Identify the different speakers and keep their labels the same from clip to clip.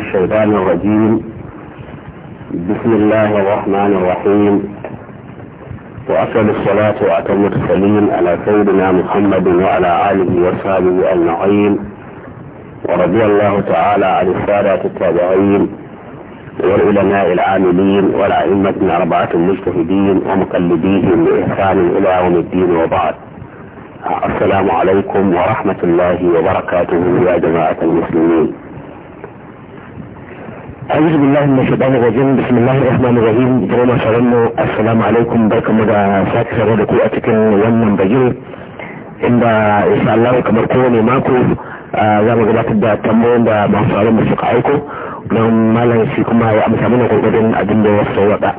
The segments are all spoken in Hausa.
Speaker 1: الشيطان الرجيم بسم الله الرحمن الرحيم وأفضل الصلاة وأتم السليم على سيدنا محمد وعلى آله وصحبه أجمعين ورضي الله تعالى عن السادة التابعين والعلماء العاملين والأئمة الأربعة المجتهدين ومقلديهم بإحسان إلى يوم الدين وبعد السلام عليكم ورحمة الله وبركاته يا جماعة المسلمين أعوذ بالله من الشيطان الرجيم بسم asalama الرحمن الرحيم جماعة شرمو da sake da ku a cikin wannan bagire inda insha Allah kamar kowane mako za mu gabatar da tambayoyin da masu tsaron mu suka aiko don malam shi kuma ya amsa mana gurgurdin abin da ya sauwaka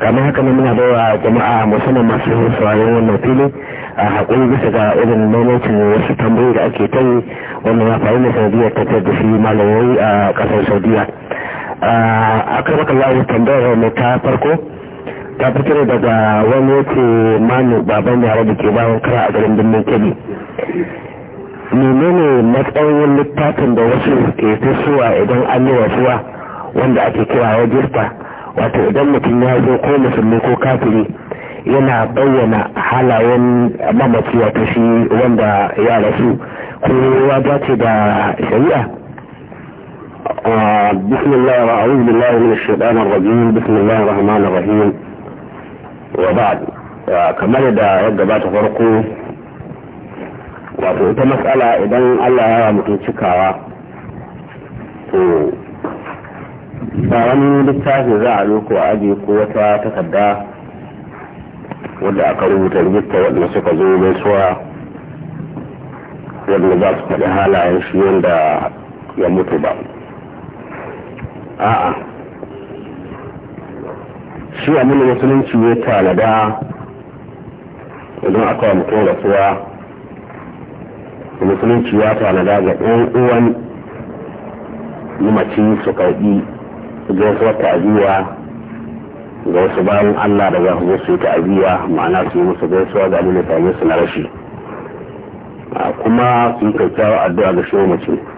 Speaker 1: kamar haka ne muna bawa jama'a musamman masu sauraron wannan fili a haƙuri bisa ga irin maimaicin wasu tambayoyi da ake ta yi wannan ya faru ta sanadiyar tattar da shi malamai a ƙasar saudiya akwai makallahu tambayar mai ta farko ta fito daga wani yake manu baban yara da ke bawon kara a garin birnin kebbi menene matsayin littafin da wasu ke tasowa idan an yi wasuwa wanda ake kira rajista wato idan mutum ya zo ko musulmi ko kafiri yana bayyana halayen mamaci wato shi wanda ya rasu ko ya dace da shari'a بسم الله وأعوذ بالله من الشيطان الرجيم بسم الله الرحمن الرحيم وبعد kamar da ya ta farko wato ita matsala idan Allah ya mutum cikawa to ba wani littafi za a ko aji ko wata takarda wadda aka rubuta rubuta wadda suka zo gaisuwa wadanda za su faɗi halayen shi wanda ya mutu ba a'a shi a da musulunci ya tanada idan aka mutum rasuwa musulunci ya tanada ga ɗan uwan mace su karɓi gaisuwar ta'aziyya ga wasu bayan Allah da za su su yi ta'aziyya ma'ana su yi musu gaisuwa ga abin da su na rashi kuma su yi addu'a ga shi mace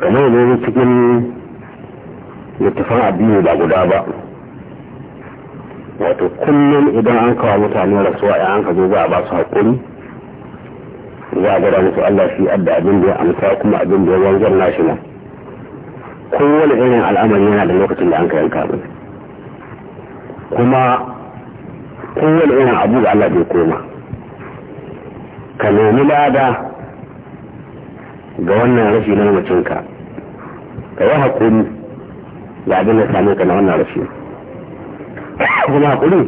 Speaker 1: kamar ne cikin littafin addini ba guda ba wato kullum idan an kawo mutane rasuwa ya an ka zo za a ba su haƙuri za a gwada musu Allah shi adda abin da ya amsa kuma abin da ya wanzar nashi nan kowane irin al'amari yana da lokacin da an ka yanka mai kuma kowane irin abu da Allah bai koma ka nemi lada ga wannan rashi na mutunka ka yi haƙuri ga abin da same ka na wannan rashi kuma haƙuri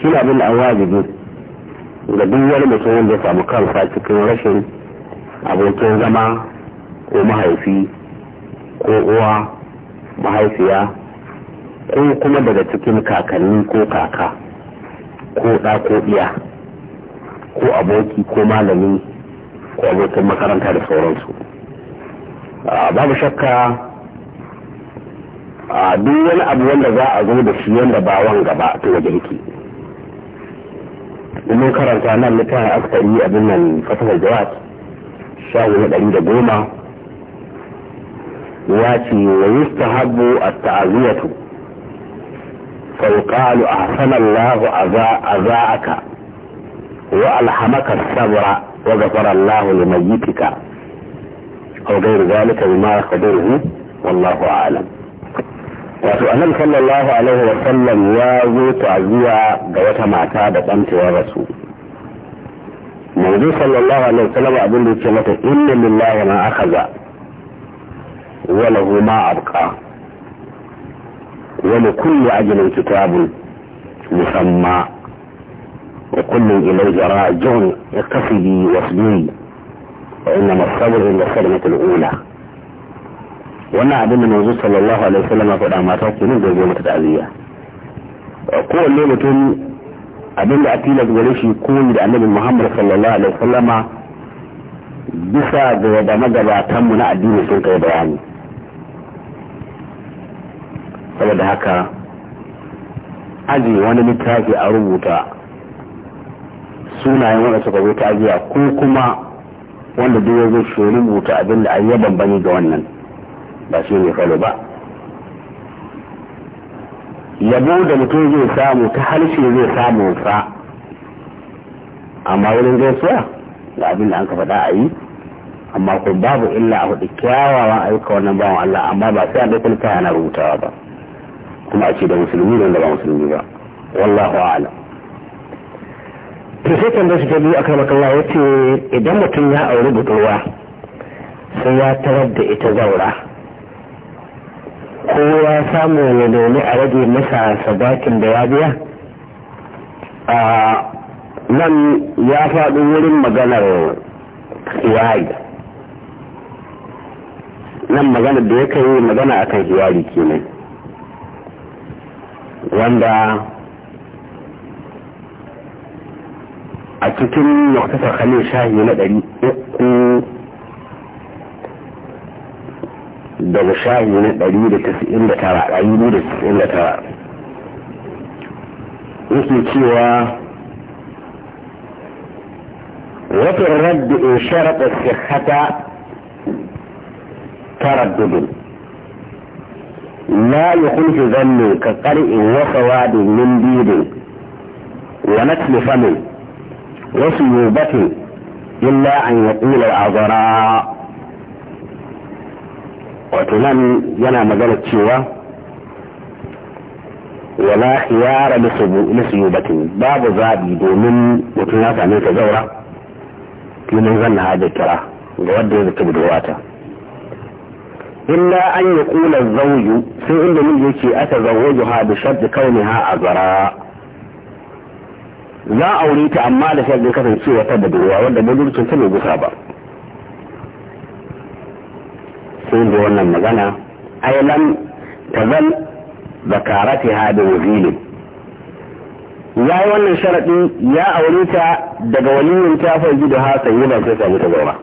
Speaker 1: shi na abin da an wajibi ga duk wani mutum wanda ya samu kansa cikin rashin abokin zama ko mahaifi ko uwa mahaifiya ko kuma daga cikin kakanni ko kaka ko ɗa ko ɗiya ko aboki ko malami ko abokin makaranta da sauransu babu shakka a duk wani abu wanda za a zo da shi wanda ba wanga ba to waje yake domin karanta nan littafin askari abin nan fatahar jawad shahu na ɗari da goma ya ce wa yustahabu at-ta'ziyatu fa yuqalu ahsana Allahu azaaka wa alhamaka sabra وذكر الله لميتك او غير ذلك بما يقدره والله اعلم وسؤال صلى الله عليه وسلم يا زوت عزيا غوتا ما تاب انت ورسول موجود صلى الله عليه وسلم اقول لك ان لله ما اخذ وله ما ابقى ولكل اجل كتاب مسمى وكل إليه راجع اقفدي واصبري وإنما الصبر عند الصدمة الأولى وانا abin من manzo sallallahu alaihi عليه وسلم فقد mata من ne يوم mata ta'aziyya الليلة mutum abin da atila gare shi koyi da annabi muhammad sallallahu alaihi wasallama bisa ga yadda magabatan mu na addini sun kai bayani saboda haka aji wani littafi a rubuta sunayen wanda suka zo tagiya ko kuma wanda duk ya zo shi rubuta abin da ayi bambani ga wannan ba shi ne falo ba yabo da mutum zai samu ta harshe zai samu sa amma wurin gaisuwa ga abin da an ka faɗa a yi amma ko babu illa a hudu kyawawan ayyuka wannan bawan Allah amma ba sai an ɗaukar kaya na rubutawa ba kuma a ce da musulmi da ba musulmi ba wallahu a'lam to sai shi ta biyu akan makalla ya ce idan mutum ya auri budurwa sai ya tarar da ita zaura ko ya samu ya domin a rage masa sadakin da ya biya a nan ya faɗi wurin maganar hiyari nan maganar da ya kai magana akan hiyari kenan wanda a cikin muktasar khalil shahi na ɗari uku daga shahi na ɗari da tasirin da tara a yi da tasirin da tara yake cewa wata radda in sharaɗa su hata sihata taraddudin لا يخلف ظن كقرئ وسواد من ديد ونتل فم وصيوبة إلا أن يقول العذراء وتنم ينا مجالة شوى ولا خيار لسيوبة باب ذابي دومن وتنافع منك زورة لمن ظن هذا الكرة وود يذكب دواتا إلا أن يقول الزوج في عند من يكي أتزوجها بشرط كونها عذراء za a aure ta amma da sai kasance wata budurwa wanda budurcin ta bai gusa ba sai da wannan magana ailan ta zan bakarati ha da wazilin ya yi wannan sharaɗi ya aure ta daga waliyin ta farji da ha sanyi ba sai samu ta zaura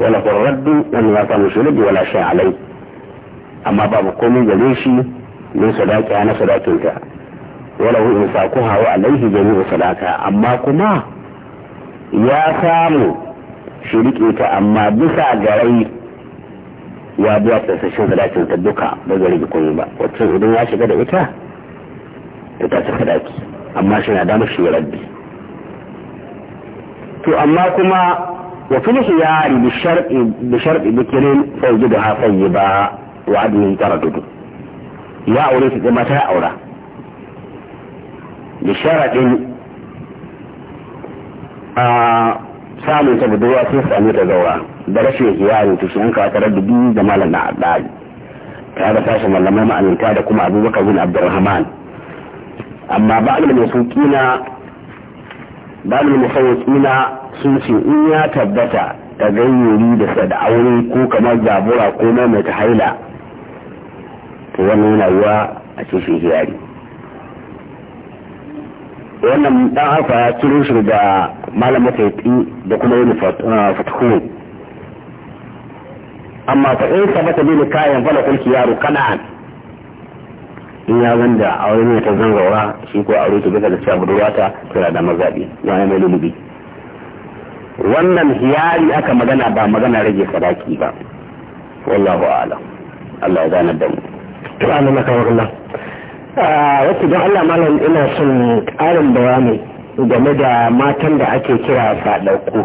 Speaker 1: wala kurraddu wani za samu shirgi wala sha alai amma babu komai gare shi min sadaki na sadakinta walahu in saku hawa alaihi jami salata amma kuma ya samu shi rike ta amma bisa ga ya biya tsassashin sadakin ta duka ba zai rage komai ba wacce idan ya shiga da ita ta tashi sadaki amma shi na damar shi rabbi to amma kuma wa ya hiyari bi shar'i bi shar'i bikirin fa yajidu ha ba wa adlin taradudu ya aure ta mata ya aura da sharaɗin a samun ta budurwa sun sami ta zaura da rashin hiyari ta shi an kawo da biyu da malam na addari ta da sashen malamai ma'aminta da kuma abubakar bin abdurrahman amma ba da masauƙina ba da masauƙina sun ce in ya tabbata ta gayyori da aure ko kamar jabura ko mai ta haila to wannan yana yiwa a cikin hiyari wannan dan haka ya ciro shi da malamin da kuma yin uh, fatuhu amma ta in sabata bi kayan fala kulki yaro kana in ya ganda a wani ta ta zangawa shi ko aure ta bisa da cewa ta tana da mazabi wani mai lulubi wannan hiyari aka magana ba magana rage sadaki ba wallahu a'lam Allah ya gane da mu to maka Ah, wasu don Allah malam ina son ƙarin bayani game da matan da ake kira sadauku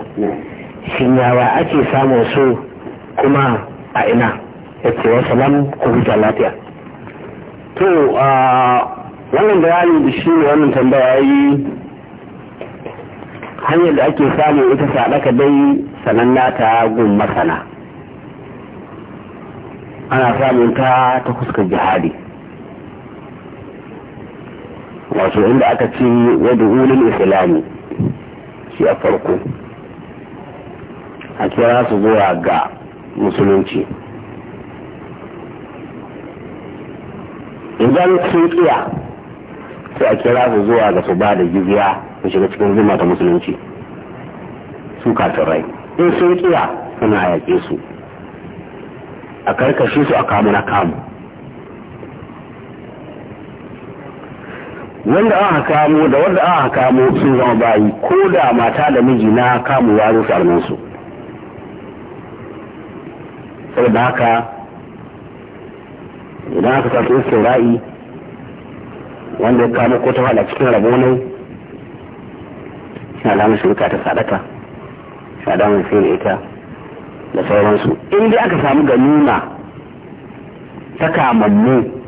Speaker 1: shin yawa ake samun su kuma a ina ya ce wasu lam huta lafiya to ah, wannan bayani da shi ne wannan tambaya yi hanyar da ake samun ita sadaka dai sanan gun masana ana samun ta ta fuskar jihadi wato inda aka ce wadda ulul islamu shi a farko a kira su zuwa ga musulunci idan sun tsiya sai a kira su zuwa ga su ba da jizya su shiga cikin zuma ta musulunci su rai in sun tsiya suna yaƙe su a karkashi su a kamu na kamu wanda aka kamo da wanda aka kamo sun zama bayi ko da mata da miji na kamo ya rufe almansu saboda haka idan aka sato ra'i wanda ya kamo ko ta hada cikin rabonai yana damar shirka ta sadaka yana damar sai da ita da sauransu in dai aka samu ganima ta kamammu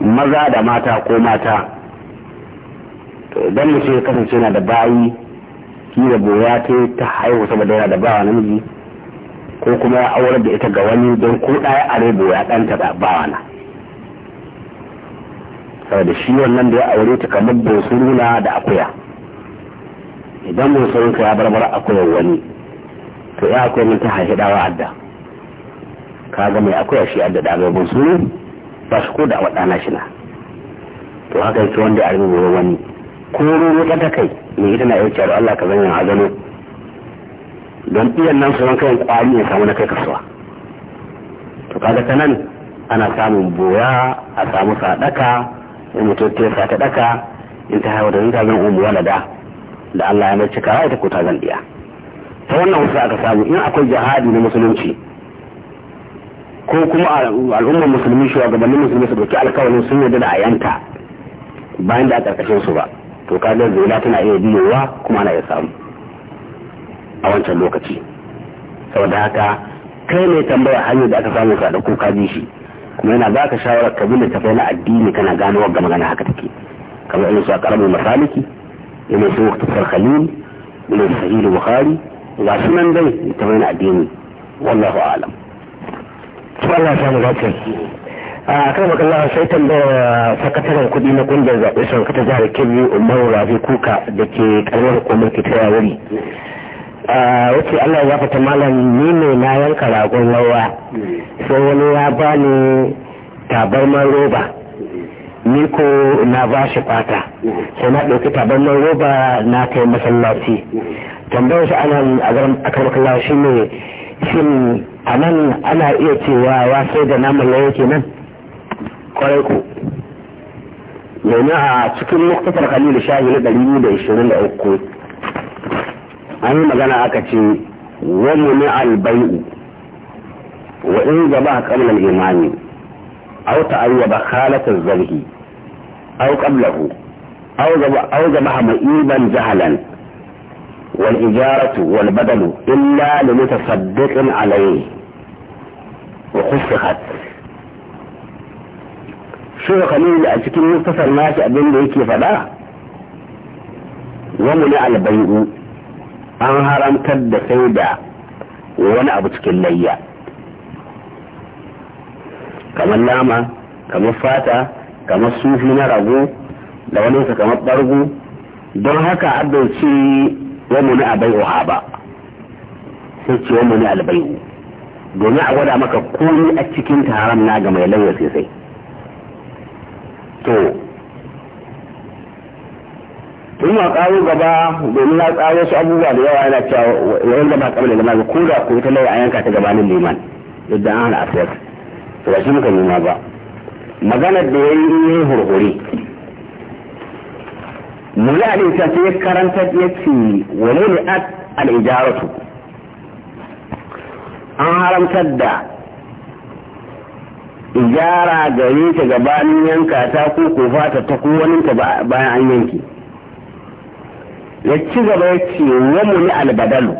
Speaker 1: maza da mata ko mata to idan mace ya kasance na da bayi kila boya ta ta haihu saboda yana da bawa namiji ko kuma ya aure da ita ga wani don ko ɗaya are boya ɗanta da bawa na saboda shi wannan da ya aure ta kamar bosuruna da akuya idan bosurunka ya barbar akuyar wani to ya akwai mun ta haihi dawa adda kaga mai akuya shi adda da mai bosuru ba su ko da awa ɗana shi na to haka yake wanda ya rubuta wani ko rubuta ta kai me ita na yau cewa Allah ka a zano don iyan nan su kayan kwari ya samu na kai kasuwa to kaga ta nan ana samun boya a samu sadaka in mutum ta sa ta daka in ta haifar da zan zan umuwa da da da Allah ya mai cika ita ko ta zan iya ta wannan wasu aka samu in akwai jihadi na musulunci ko kuma al'ummar musulmi shugabannin musulmi su dauki alkawarin sun yarda da a bayan da a karkashin su ba to kaga zula tana iya biyowa kuma ana iya samu a wancan lokaci saboda haka kai ne tambaya hanyar da aka samu ka dauko ka bi shi kuma yana baka shawarar ka bin tafai na addini kana gano wagga magana haka take kamar irin su a karamin masaliki irin su muktasar khalil ina su bukhari ga sunan dai tafai na addini wallahu a'lam su Allah samu lafiya a kan makalla sai tambaya uh, sakataren kuɗi na ƙungiyar zaɓe sun kata jihar kebbi umaru rabi kuka da ke ƙarfin hukumar ke tara wuri wace Allah ya fata malam ni ne na yanka ragon lawa sai wani ya ba ni tabarman roba ni ko na ba shi fata sai na ɗauki tabarman roba na kai masallaci tambayar shi anan a garin makalla shi ne shin a nan ana iya cewa ya sai da naman yake nan kwarai ku domin a cikin muktasar khalil shahi na ɗari da ishirin da uku an yi magana aka ce wani ne albai'u wa in gaba a kamar imani au ba halatar zarhi au qablahu au gaba iban jahalan والإجارة والبدل إلا لمتصدق عليه وخصخت شو خليل لأسكين مختصر ناس أبين ليك فلا ومنع البيء أنهارا كد خيدا وانا أبتك الليا كما اللامة كما الفاتة كما الصوف لنا رغو لو نوسى كما الضرغو دون هكا عبد الشيء wa muni a bai'uha ba sai ce wa muni albai'u domin a gwada maka komi a cikin taron na ga mai lauya sai to tun ma karo gaba domin na tsaro su abubuwa da yawa yana cewa wa'in da ba kamar da ma ko da ko ta lauya a yanka ta gabanin liman yadda an hana asiyar to ba shi muka nema ba maganar da ya yi hurhuri muli alaihi sai ya karanta ya ce wa ne at alijaratu an haramtar da ijara gare ta gabanin yanka ta ko ku fata ta ko wani ta bayan an yanki ya ci gaba ya ce wa mu al albadalu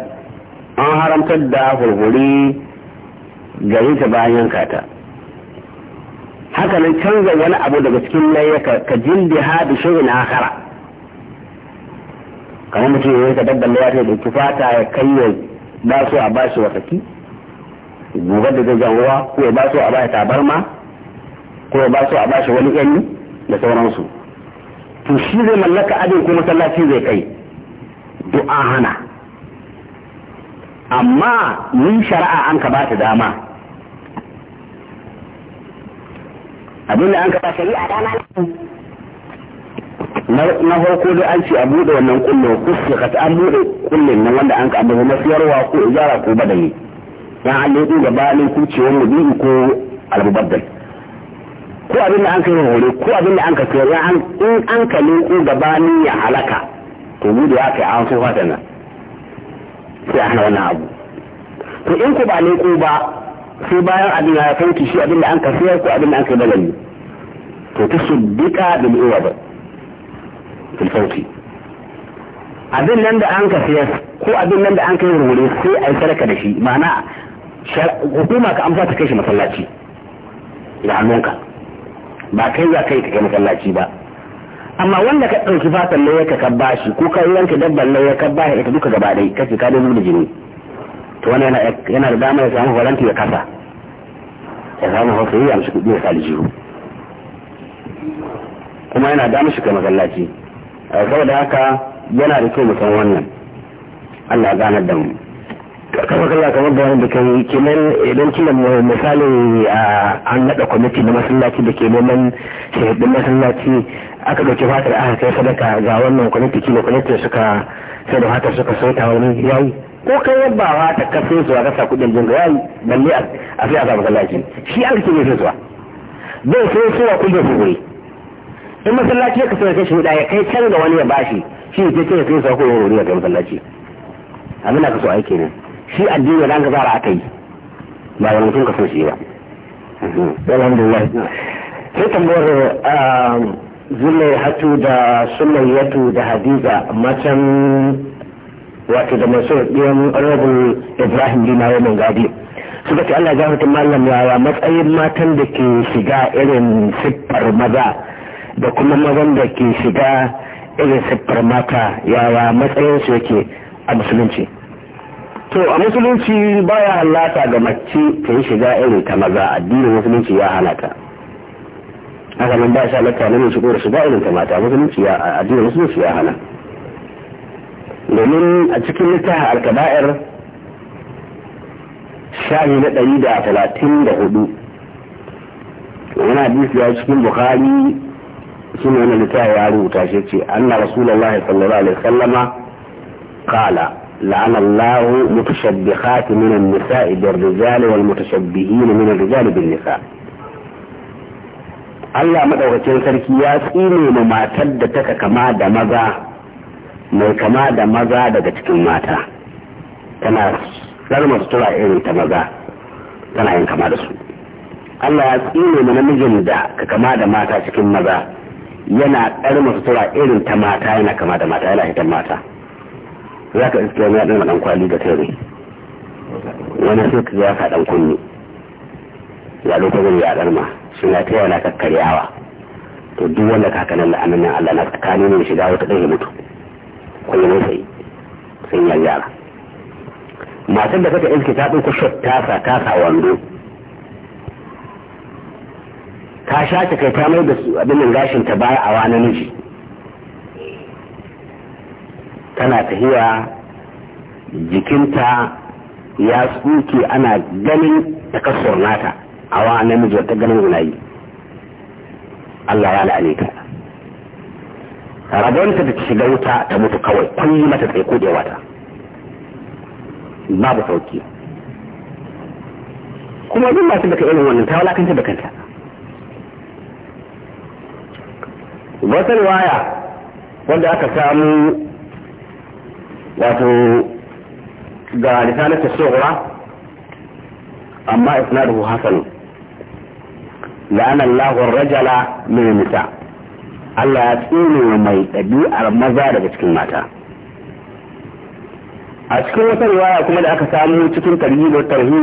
Speaker 1: an haramtar da hurhuri gare ta bayan yanka ta haka nan canza wani abu daga cikin layyaka ka jindi hadu shirin akara kamar mutum ya yanka dabban da ya ta dauki fata ya kai ya ba su a ba shi wasaki gobe da zai ruwa ko ya ba su a ba shi tabarma ko ya ba su a ba shi wani yanni da sauransu to shi zai mallaka abin ko masallaci zai kai du'a hana amma mun shari'a an ka ba ta dama abinda an ka ba shari'a dama na farko dai an ce a buɗe wannan kullo ka an buɗe kullin nan wanda an ka abu masiyarwa ko ijara ko badani dan an leƙo gaba ne kucewar mudi'i ko almubaddal ko abin da an ka yi hore ko abin da an ka sayar in an ka leƙo gaba ne ya halaka to buɗe ya kai an so fata nan sai an wannan abu to in ku ba leƙo ba sai bayan abin ya sauki shi abin da an ka sayar ko abin da an ka yi badani to ta suddika bil iwa ba fil sauki abin nan da an ka siya ko abin nan da an kai wurwure sai a yi sadaka da shi ma'ana hukuma ka amsa ta kai shi masallaci da hannunka ba kai za kai ka kai masallaci ba amma wanda ka ɗauki fatan ne ka kabba shi ko ka yanke dabban laye ka shi ita duka gaba dai kace ka dai da jini to wani yana da damar ya samu volunteer ya kasa ya samu hausa ya amshi kuɗi ya sa aljihu kuma yana damar shi kai masallaci Eh, da haka yana da kyau mutum wannan Allah ganar da mu kafa kalla kamar da wanda kan kenan idan kila misali an naɗa kwamiti na masallaci da ke neman shahidin masallaci aka ɗauki fatar aka kai sadaka ga wannan kwamiti kila kwamitin suka sai da fatar suka sauta wani yayi ko kai yabawa ta kafe zuwa rasa kuɗin jinga yayi balle a fi a masallaci shi an rike ne zuwa bai sai suwa kuɗin su in masallaci ya kasance ta shi huda ya kai can ga wani ya bashi shi ya ce ya kai sa ko ya wuri ga masallaci abin da so aiki ne shi addini da an ka fara aka yi ba wani mutum ka so shi ba mhm. alhamdulillah sai tambayar um, zulai hatu da yatu da hadiza macen wato da masu ɗiyan rabu ibrahim lima mun gadi suka ce allah ya gafatin mallam yawa matsayin matan da ke shiga irin siffar maza da kuma mazan da ke shiga irin siffar mata yawa su yake a musulunci to a musulunci baya halata ga mace ta yi shiga irin ta maza addinin musulunci ya halata haka nan ba shi halata na shigo da shiga irin ta mata musulunci ya addinin musulunci ya hana domin a cikin littafin alkaba'ir shahi na ɗari da talatin da hudu wani hadisi ya cikin bukari shi ne wani littafi ya rubuta shi ce anna rasulullahi sallallahu alaihi wasallama qala la'ana Allah mutashabbihat min an-nisa'i bir-rijali wal mutashabbihin min ar-rijali bin-nisa' Allah madaukakin sarki ya tsine mu matar da taka kama da maza mai kama da maza daga cikin mata tana su sutura irin ta maza tana yin kama da su Allah ya tsine mu namijin da ka kama da mata cikin maza yana su sutura irin ta mata yana kama da mata yana hitar mata za ka iske wani yadda ɗan kwali da tere wani sai ka ya ɗan kunni ya lokacin ya ɗarma suna ta yana kakkaryawa to duk wanda ka kanan la'anin nan Allah na tsakanin ne shiga wata ɗaya mutu kwanye mai sai sun yan yara matar da kaka iske ta ɗauko shot tasa tasa wando ta shace kai ta mai da su abin gashin ta baya a wani miji tana tahiya jikinta ya tsuke ana ganin takassur nata a wani miji wata ganin gunayi Allah ya la'ane ta rabonta da shiga wuta ta mutu kawai kun yi mata tsaiko da wata babu sauki kuma duk masu baka irin wannan ta walakanta da kanta wata riwaya wanda aka samu wato ga lisanata shugura amma isnaduhu hasan la'ana Allahu rajala min nisa Allah ya tsine mai ɗabi'ar maza daga cikin mata a cikin wata riwaya kuma da aka samu cikin tarihi da tarihi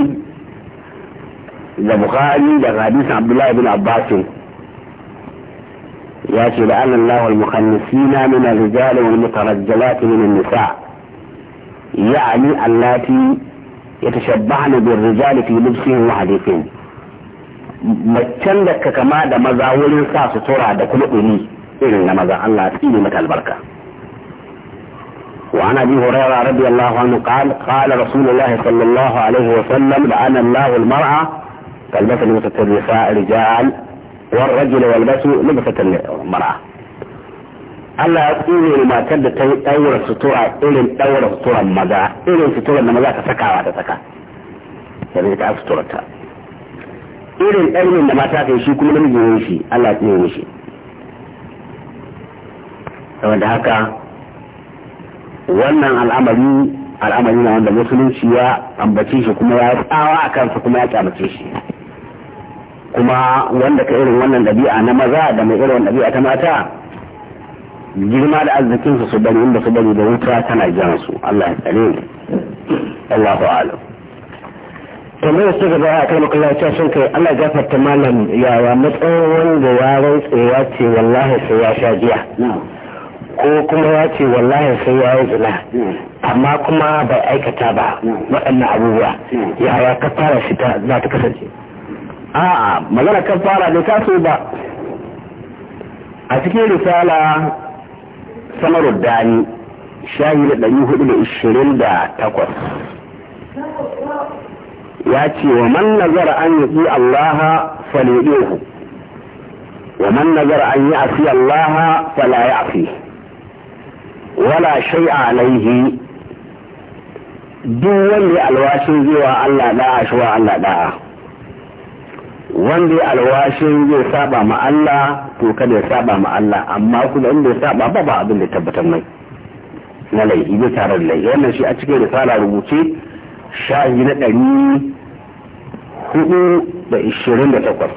Speaker 1: da bukhari da hadisin abdullahi bin abbasin يأتي لان الله المخنثين من الرجال والمترجلات من النساء يعني اللاتي يتشبعن بالرجال في لبسهم وحديثهم macen da ka kama da maza wurin sa sutura إن مزا الله irin na البركة وعن ابي هريره رضي الله عنه قال قال رسول الله صلى الله عليه وسلم لعن الله المراه كالمثل المتتبع رجال والرجل والبس لبسة mara. Allah ya tsire matar da ta yi ɗaura sutura irin ɗaura suturan maza irin suturan da maza ta sakawa ta saka ya da ta suturarta irin ɗaurin da mata ka yi shi kuma namiji ya yi shi Allah ya tsire shi saboda haka wannan al'amari al'amari na wanda musulunci ya ambace shi kuma ya tsawa a kansa kuma ya kyamace shi kuma wanda ka irin wannan ɗabi'a na maza da mai irin ɗabi'a ta mata girma da arzikinsu su bari inda su bari da wuta tana jan su Allah ya tsare Allahu a'lam tambayar su gaba a kan makalla ta mallam kai Allah ya gafarta malam yaya matsayin wanda ya rantsewa ce wallahi sai ya sha giya ko kuma ya ce wallahi sai ya yi zina amma kuma bai aikata ba waɗannan abubuwa yaya ka fara fita za ta kasance a'a magana kan fara ne taso ba a cikin risala samarar dani shayi ɗari da ishirin da takwas ya ce wa man nazara an yi allaha faliɗihu wa man nazara an yi afi allaha falaye afi wala shai alaihi duk wanda alwashin zai wa allah da'a shi wa allah da'a wanda ya alwashin zai saba ma Allah to kada ya saba ma Allah amma kuma inda ya saba ba ba abin da tabbatar mai na laifi zai tare da laifi wannan shi a cikin risala rubuce shahi na ɗari hudu da ishirin da takwas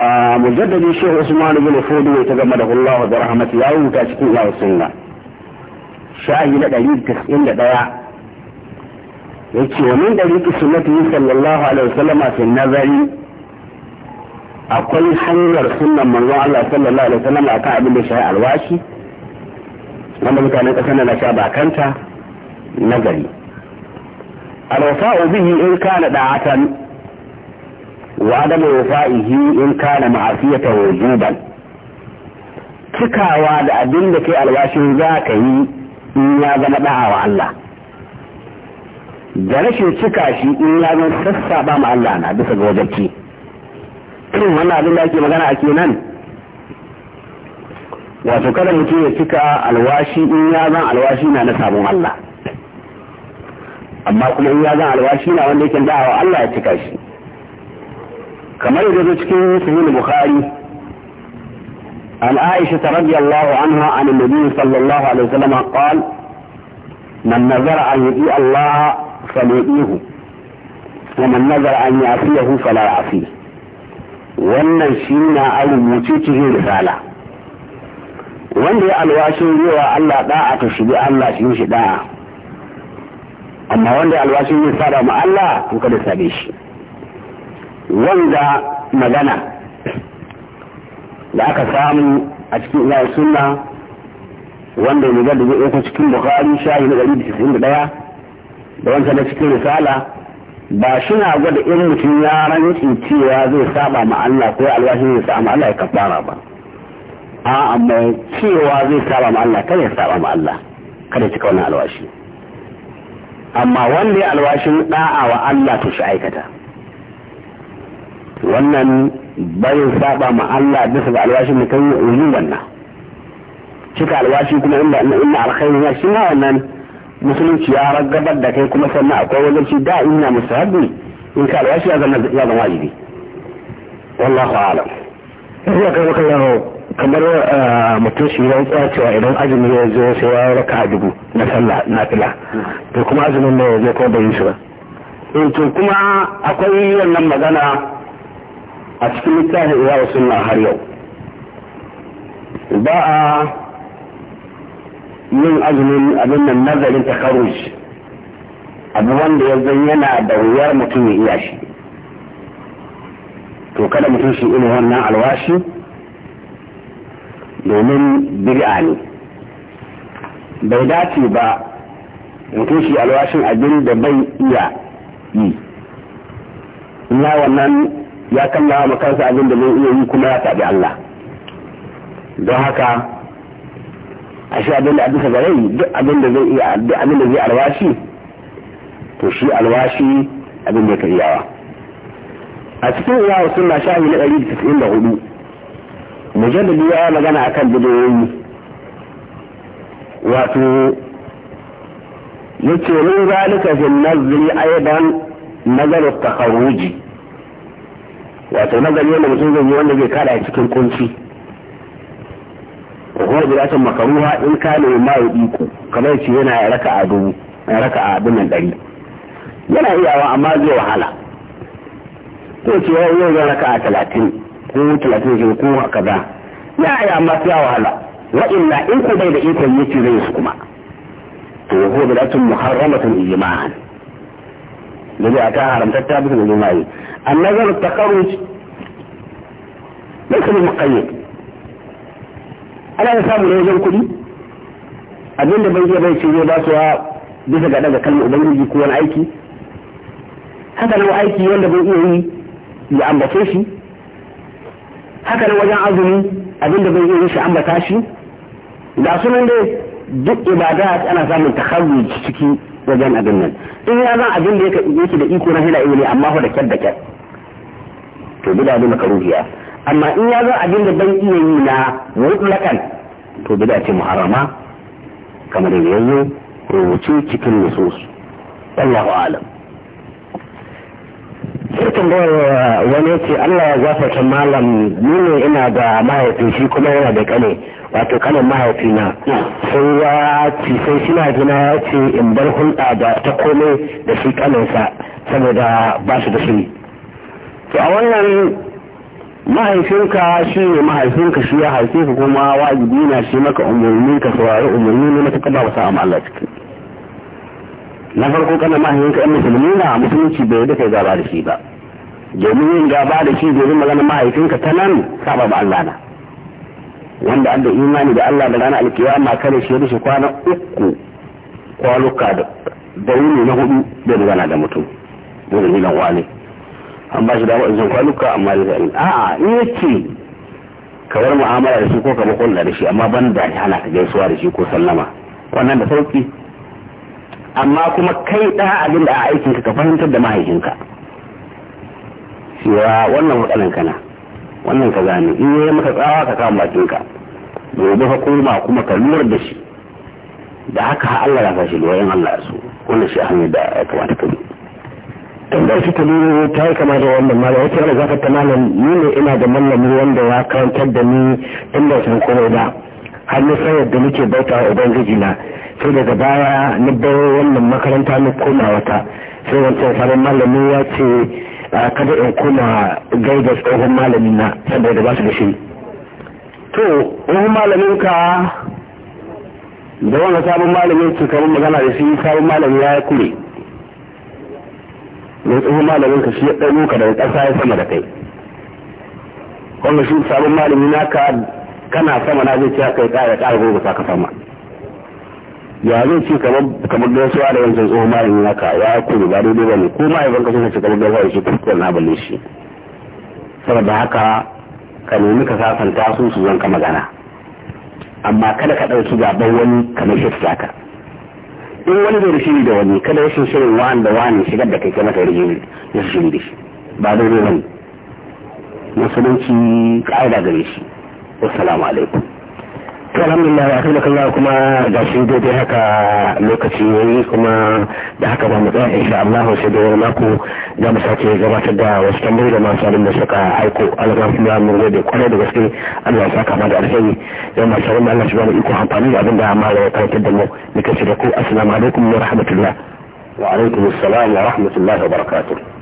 Speaker 1: a mujaddadi shi usman bin fudu ta gama da Allah da rahmatu ya rubuta cikin lausunna shahi na ɗari tasa'in da ɗaya yace wa min dariqi sunnati sallallahu alaihi wasallam fi nazari akwai hanyar sunnan manzon Allah sallallahu alaihi wasallam akan abin da shi alwashi wanda mutanen kasar na sha bakanta nazari alwafa'u bihi in kana da'atan wa adam wafa'ihi in kana ma'asiyata wujuban cikawa da abin da kai alwashin za ka yi in ya zama da'a wa Allah da rashin cika shi in ya zan sassaɓa ma Allah na bisa ga wajarci irin wannan abin da ake magana a kenan wato kada mutum ya cika alwashi in ya zan alwashi na na sabon Allah amma kuma in ya zan alwashi na wanda yake da'awa Allah ya cika shi kamar yadda zo cikin sahih bukhari an aisha radiyallahu anha an annabi sallallahu alaihi wasallam qala man nazara an yuti Allah فليئيه ومن نظر أن يعفيه فلا يعفيه wannan shi na a rubuce cikin risala wanda ya alwashin yi wa Allah da'a ta shigi Allah shi shi da'a amma wanda ya alwashin yi sada ma Allah to kada sabe shi wanda magana da aka samu a cikin ila suna, wanda ya ga da zai cikin bukhari shahi na 191 da wanka na cikin risala ba shina gwada in mutum ya ranci cewa zai saba ma Allah ko alwashin zai saba Allah ya kafara ba a amma cewa zai saba ma Allah kada ya saba ma Allah kada cika wannan alwashi amma wanda ya alwashin da'a wa Allah to shi aikata wannan bai saba ma Allah bisa ga alwashin mutum ya yi wannan cika alwashi kuma inda inda alkhairi ya shi na wannan musulunci ya ragabar da kai kuma sannan akwai wajen da in musu haɗu in ka alwashi ya zama ya zama wajibi wallahu alam ya kai maka yawo kamar ah, mutum shi ran tsaya cewa idan azumi ya zo sai ya raka dubu na sallah na fila to kuma azumin ne ya zo ko bai shi ba eh, to kuma akwai wannan magana a cikin littafin iya na har yau ba a yin azumin abin nan nazarin takaruj abu wanda ya zan yana da wuyar mutum ya iya shi to kada mutum shi irin wannan alwashi domin bid'a ne bai dace ba mutum shi alwashin abin da bai iya yi ina wannan ya kallawa makansa abin da bai iya yi kuma ya tabi Allah don haka a shi abinda a bisa gare duk abinda zai iya duk abinda zai alwashi to shi alwashi abinda ya karyawa a cikin iyawa suna biyu na ɗari da tasa'in da hudu mujallali ya yi magana a kan bidiyoyi wato ya ce min zalika fi nazari aidan nazarin takaruji wato nazari wanda mutum zai yi wanda zai kada cikin kunci illa bid'atan makaruha in kana ma yudiku kamar ce yana raka'a dubu raka'a dunan dari yana iyawa amma zai wahala ko ce yau yau zan raka'a talatin ko talatin ke ko kaza ya iya amma sai ya wahala wa illa in ku bai da ikon yace zai su kuma to huwa bid'atun muharramatun ijma'an bid'a ta haramtatta bisa ijma'i annazar takarruj laysa bil muqayyad ana da samu na wajen kuɗi abin da bai bai ce zai ba su bisa ga daga kalmar ubangiji ko wani aiki haka nan aiki wanda bai iya yi ya ambace shi haka nan wajen azumi abin da bai iya yi shi ambata shi ga nan dai duk ibada ana samun takhawuj ciki wajen abin nan in ya zan abin da yake da iko na hila ne amma da kyar da kyar to bida da makaruhiya amma in ya zo abin da ban iya yi na mutlakan to bida ce muharrama kamar da yanzu rubuce cikin nusus Allahu alam sirkin da uh, wani ce Allah ya gafarta malam ni ne ina da mahaifin shi kuma yana da kane wato kanin mahaifina sai ya ci sai shi mahaifina ya ce in bar hulɗa da ta komai da shi kaninsa saboda ba su da shi to a wannan mahaifinka shi ne mahaifinka shi ya haife ka kuma wajibi na shi maka umarni ka saurari umarni ne mata kaba sa amma Allah ciki na farko kana mahaifinka ɗan musulmi na musulunci bai da kai gaba da shi ba domin yin gaba da shi domin magana mahaifinka ta nan saba ba Allah na wanda an da imani da Allah da ranar alkiyama kare shi da shi kwana uku kwaluka da wuni na hudu bai magana da mutum wani milan wani an ba shi damar izin kwanuka amma da zai a in yake kawar mu'amala da shi ko kama kulla da shi amma ban da hana ka gaisuwa da shi ko sallama wannan da sauki amma kuma kai ɗaya abin da a aikinka ka fahimtar da mahaifinka cewa wannan matsalan kana wannan ka gane in yi maka tsawa ka kama bakinka gobe ka koma kuma ka lura da shi da haka Allah ya fashi lura wayan Allah ya so wannan shi hanyar da ya kamata ka bi tambayar shi ta ta yi kama da wannan malam wata yana zafa ta malam ni ne ina da mallami wanda ya karantar da ni tun da san komai ba har na san yadda nake bauta wa ubangiji na sai daga baya na bayo wannan makaranta na koma wata sai wancan sabon malami ya ce kada in koma gaida tsohon malami na saboda ba su da shi to wani malamin ka da wani sabon malamin su kamar magana da shi sabon malami ya kure don tsohon malamin ka shi ya ɗago ka daga ƙasa ya sama da kai wanda shi sabon malami naka kana sama na zai ce kai ƙara ƙara gobe ka sama ya zai ce kamar wasu da wancan tsohon malami naka ya kuma ba daidai ba ne ko ma'aikan ka suka ce kamar gaisuwa da shi kuskuren na bane shi saboda haka ka nemi ka sasanta su su zan ka magana amma kada ka ɗauki gaban wani kamar shi ta ka in wani zai shiri da wani kada ya shirin wa'an da wa'an shigar da kai kai mata rishiri ya su shirin da shi ba daidai ba ne musulunci ka'ida gare shi wassalamu alaikum to alhamdulillah ya kai kuma ga shi daidai haka lokaci yayi kuma da haka ba mu tsaya insha Allah sai da wani mako da mu sake gabatar da wasu tambayoyi da masu da suka aiko Allah kuma mun gode kwarai da gaske Allah ya saka da alheri yau masu wani Allah shi ba mu iko amfani da abin da ma ya da mu nake shi da ku assalamu alaikum wa rahmatullah wa alaikum assalam wa rahmatullahi wa barakatuh